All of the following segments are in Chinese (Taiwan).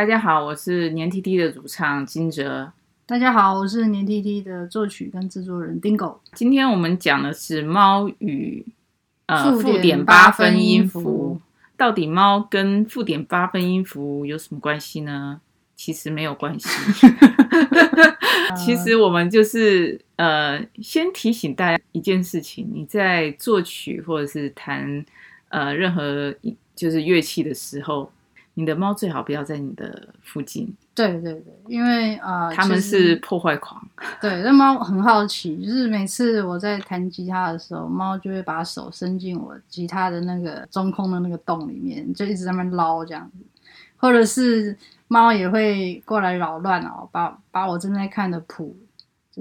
大家好，我是黏 tt 的主唱驚蟄。大家好，我是黏 tt 的作曲跟製作人 Dingo。今天我們講的是貓與呃附點八分音符，到底貓跟附點八分音符有什麼關係呢？其實沒有關係。 其實我們就是呃先提醒大家一件事情：你在作曲或者是彈呃任何就是樂器的時候。你的貓最好不要在你的附近。對對對，因為、呃、他們是破壞狂。對，那貓很好奇，就是每次我在彈吉他的時候，貓就會把手伸進我吉他的那個中空的那個洞裡面，就一直在那邊撈這樣子。或者是貓也會過來擾亂哦，把把我正在看的譜。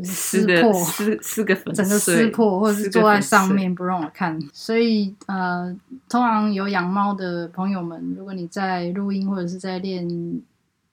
撕破，撕撕個粉整個撕破，或者是坐在上面不讓我看，所以呃，通常有養貓的朋友們，如果你在錄音或者是在練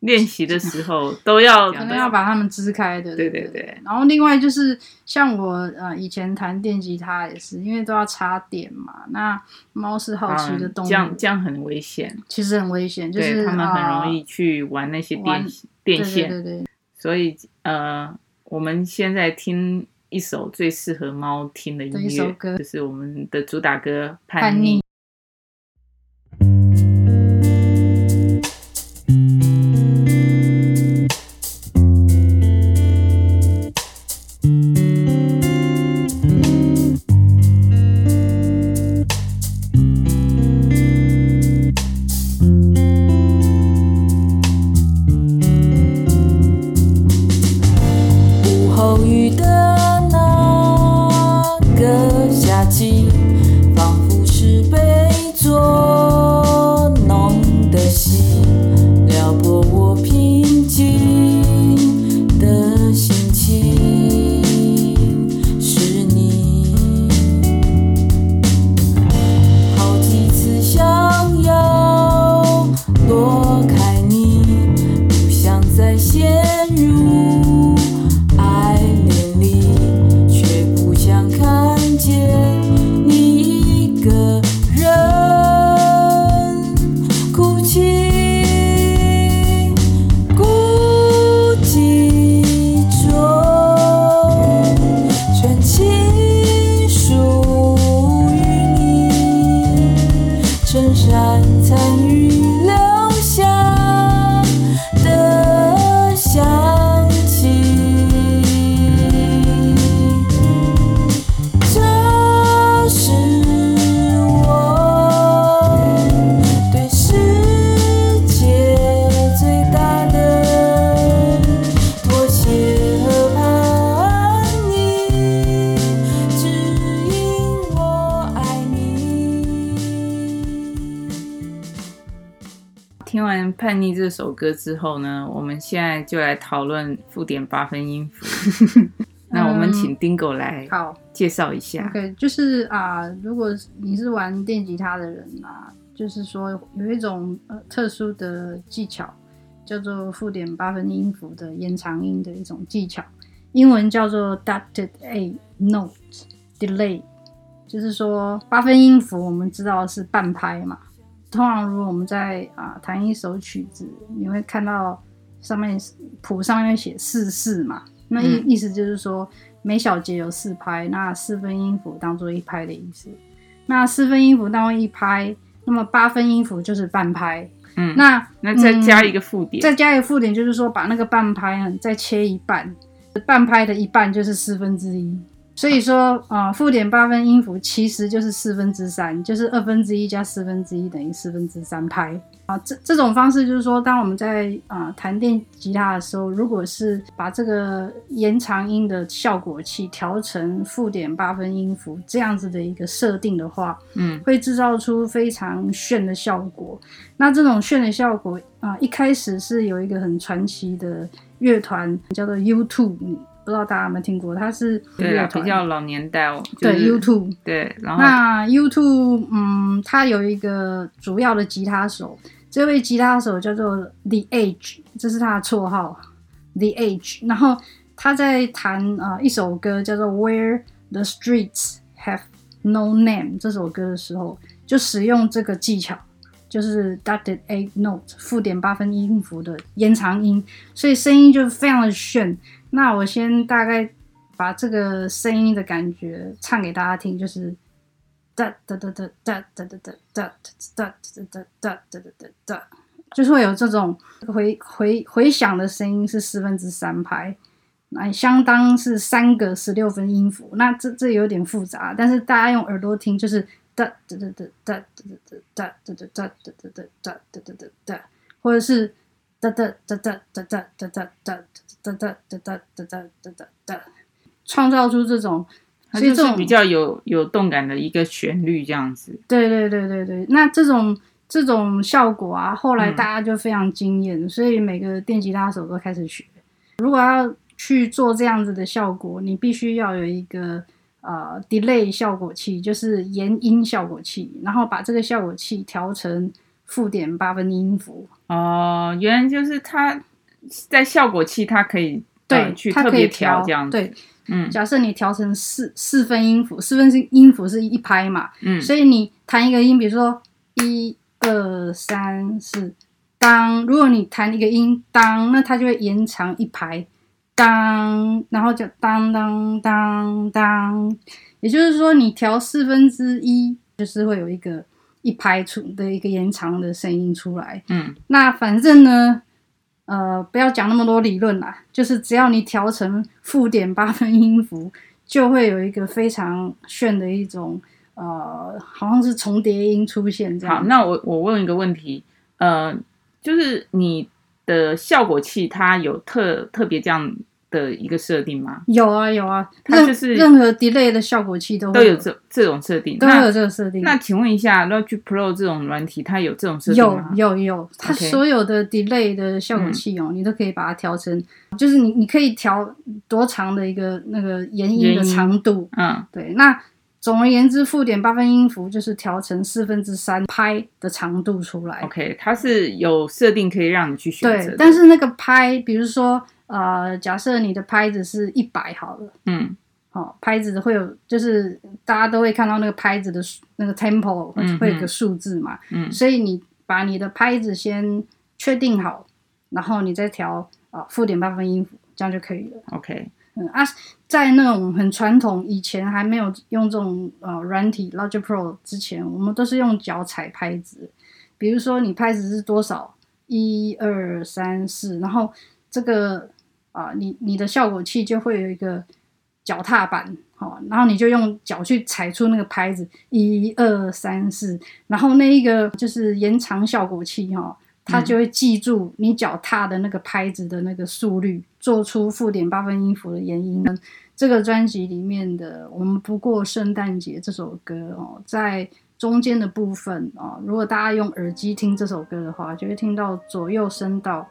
練習的時候，都要都要把它們支開的，對對對。然後另外就是像我呃以前彈電吉他也是，因為都要插電嘛，那貓是好奇的動物，這樣這樣很危險，其實很危險，就是它們很容易去玩那些電電線，對對。所以呃。我們現在聽一首最適合貓聽的音樂，就是我們的主打歌《叛逆》。《叛逆》這首歌之後呢，我們現在就來討論附點八分音符。 那我們請 Dingo 來好介紹一下。嗯、OK，就是啊、呃，如果你是玩電吉他的人啊、呃，就是說有一種呃特殊的技巧，叫做附點八分音符的延長音的一種技巧，英文叫做 Dotted eighth note delay。就是說八分音符我們知道是半拍嘛。通常如果我們在啊、呃、彈一首曲子，你會看到上面譜上面寫四四嘛，那意意思就是說、嗯、每小節有四拍，那四分音符當做一拍的意思。那四分音符當做一拍，那麼八分音符就是半拍。嗯，那嗯那再加一個附點，再加一個附點就是說把那個半拍呢再切一半，半拍的一半就是四分之一。所以說啊，附、呃、點八分音符其實就是四分之三，就是二分之一加四分之一等於四分之三拍啊。這這種方式就是說，當我們在啊、呃、彈電吉他的時候，如果是把這個延長音的效果器調成附點八分音符這樣子的一個設定的話，嗯，會製造出非常炫的效果。那這種炫的效果啊、呃，一開始是有一個很傳奇的樂團叫做 U2。不知道大家有沒有聽過，它是對、啊、比較老年代哦。就是、對，U2。對，然後那 U2，嗯，它有一個主要的吉他手，這位吉他手叫做 The Edge，這是他的綽號 The Edge。然後他在彈啊、呃、一首歌叫做《Where the Streets Have No Name》這首歌的時候，就使用這個技巧，就是 dotted eighth note（ 附點八分音符）的延長音，所以聲音就非常的炫。那我先大概把這個聲音的感覺唱給大家聽，就是噠噠噠噠噠噠噠噠噠噠噠噠噠噠噠噠噠，就是會有這種回回回響的聲音，是四分之三拍，那相當是三個十六分音符。那這這有點複雜，但是大家用耳朵聽就是噠噠噠噠噠噠噠噠噠噠噠噠噠噠噠噠噠，或者是。創造出這種，所以這種比較有有動感的一個旋律，這樣子。對對對對對，那這種這種效果啊，後來大家就非常驚艷，嗯，所以每個電吉他手都開始學。如果要去做這樣子的效果，你必須要有一個呃 delay 效果器，就是延音效果器，然後把這個效果器調成。附點八分音符哦，原來就是它在效果器，它可以對、呃、去特別調，調這樣對。嗯，假設你調成四四分音符，四分音符是一拍嘛。嗯，所以你彈一個音，比如說一二三四當。如果你彈一個音當，那它就會延長一拍當，然後就當當當當，當。也就是說，你調四分之一，就是會有一個。一拍出的一個延長的聲音出來，嗯，那反正呢，呃，不要講那麼多理論啦，就是只要你調成附點八分音符，就會有一個非常炫的一種，呃，好像是重疊音出現這樣。好，那我我問一個問題，呃，就是你的效果器它有特特別這樣？的一個設定嗎？有啊有啊，任、啊就是、任何 delay 的效果器都會有，都有這這種設定，都會有這個設定。那，那請問一下，Logic Pro 這種軟體它有這種設定嗎？有有有，有有 Okay 它所有的 delay 的效果器哦，嗯、你都可以把它調成，就是你你可以調多長的一個那個延音的長度。嗯，嗯對。那總而言之，附點八分音符就是調成四分之三拍的長度出來。OK，它是有設定可以讓你去選擇的。對，但是那個拍，比如說。呃，假設你的拍子是一百好了，嗯，好、哦，拍子會有，就是大家都會看到那個拍子的數，那個 tempo 會有個數字嘛，嗯、嗯，所以你把你的拍子先確定好，然後你再調啊，附、哦、點八分音符，這樣就可以了。OK，嗯啊，在那種很傳統，以前還沒有用這種呃軟體 Logic Pro 之前，我們都是用腳踩拍子，比如說你拍子是多少，一二三四，然後這個。啊，你你的效果器就會有一個腳踏板，好、哦，然後你就用腳去踩出那個拍子，一二三四，然後那一個就是延長效果器，哈、哦，它就會記住你腳踏的那個拍子的那個速率，嗯、做出附點八分音符的延音呢。這個專輯裡面的《我們不過聖誕節》這首歌，哦，在中間的部分，哦，如果大家用耳機聽這首歌的話，就會聽到左右聲道。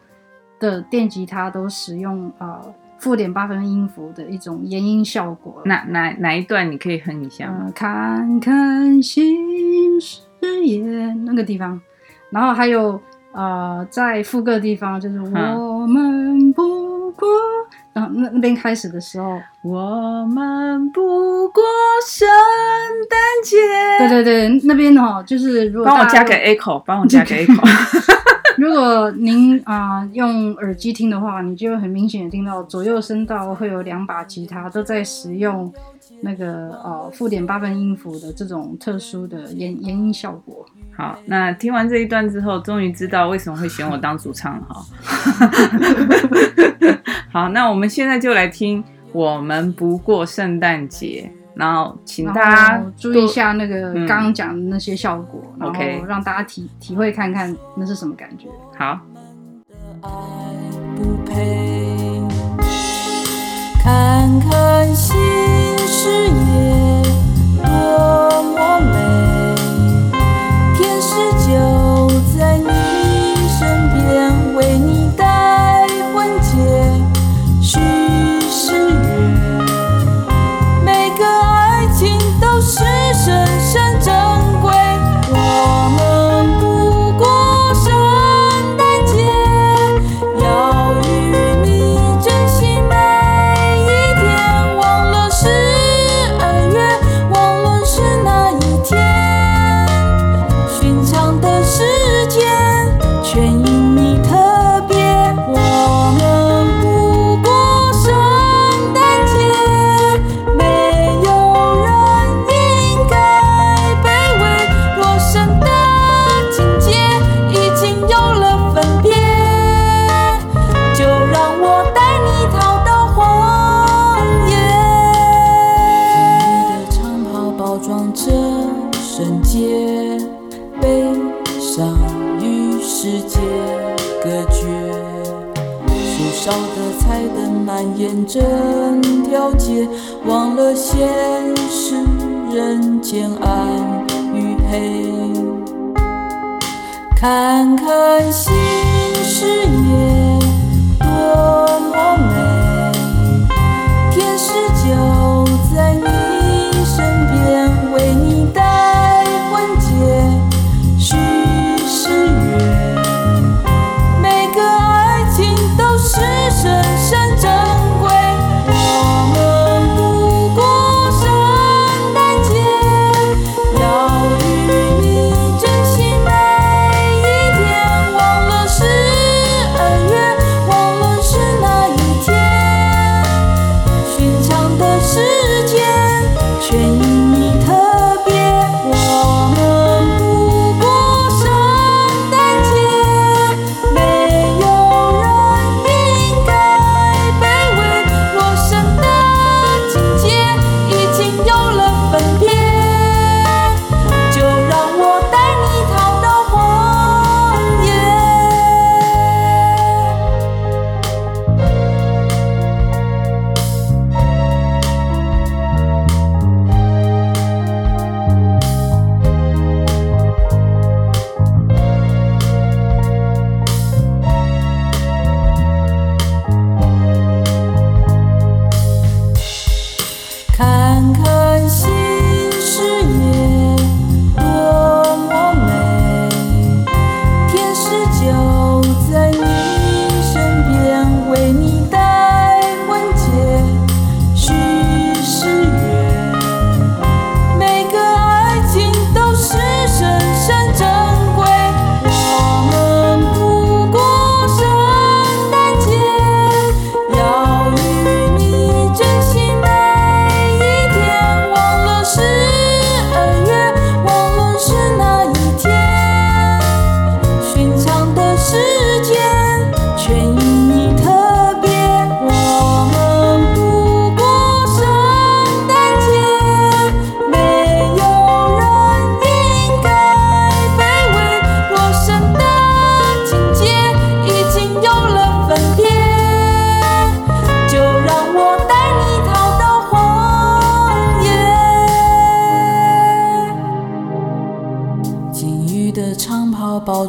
的電吉他都使用啊，附、呃、點八分音符的一種延音效果。哪哪哪一段你可以哼一下、呃？看看新世界那個地方，然後還有啊、呃，在副歌的地方就是我們不過啊、嗯呃，那那邊開始的時候，嗯、我們不過聖誕節。對對對，那邊呢就是如果幫我加給 Echo，o 幫我加給 Echo，h o 如果您啊、呃、用耳機聽的話，你就很明顯的聽到左右聲道會有兩把吉他都在使用那個呃附點八分音符的這種特殊的延延音效果。好，那聽完這一段之後，終於知道為什麼會選我當主唱了。 好，那我們現在就來聽《我們不過聖誕節》。然後請大家注意一下那個剛剛講的那些效果，嗯、然後讓大家體體會看看那是什麼感覺。好。看看新視野，多麼美！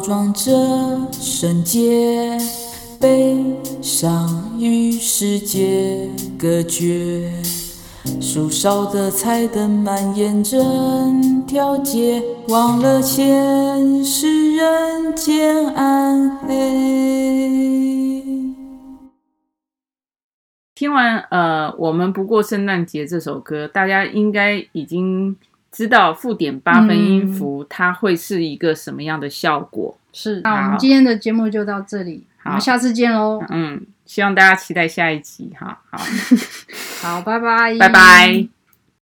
裝着聖潔，悲傷與世界隔絕。樹梢的彩燈蔓延整條街，忘了前世，人間暗黑。聽完，呃，《我們不過聖誕節》這首歌，大家應該已經。知道附點八分音符、嗯、它會是一個什麼樣的效果？是，好，那我們今天的節目就到這裡，好，我們下次見嘍。嗯，希望大家期待下一集哈。好，好，拜拜， 拜拜。Bye bye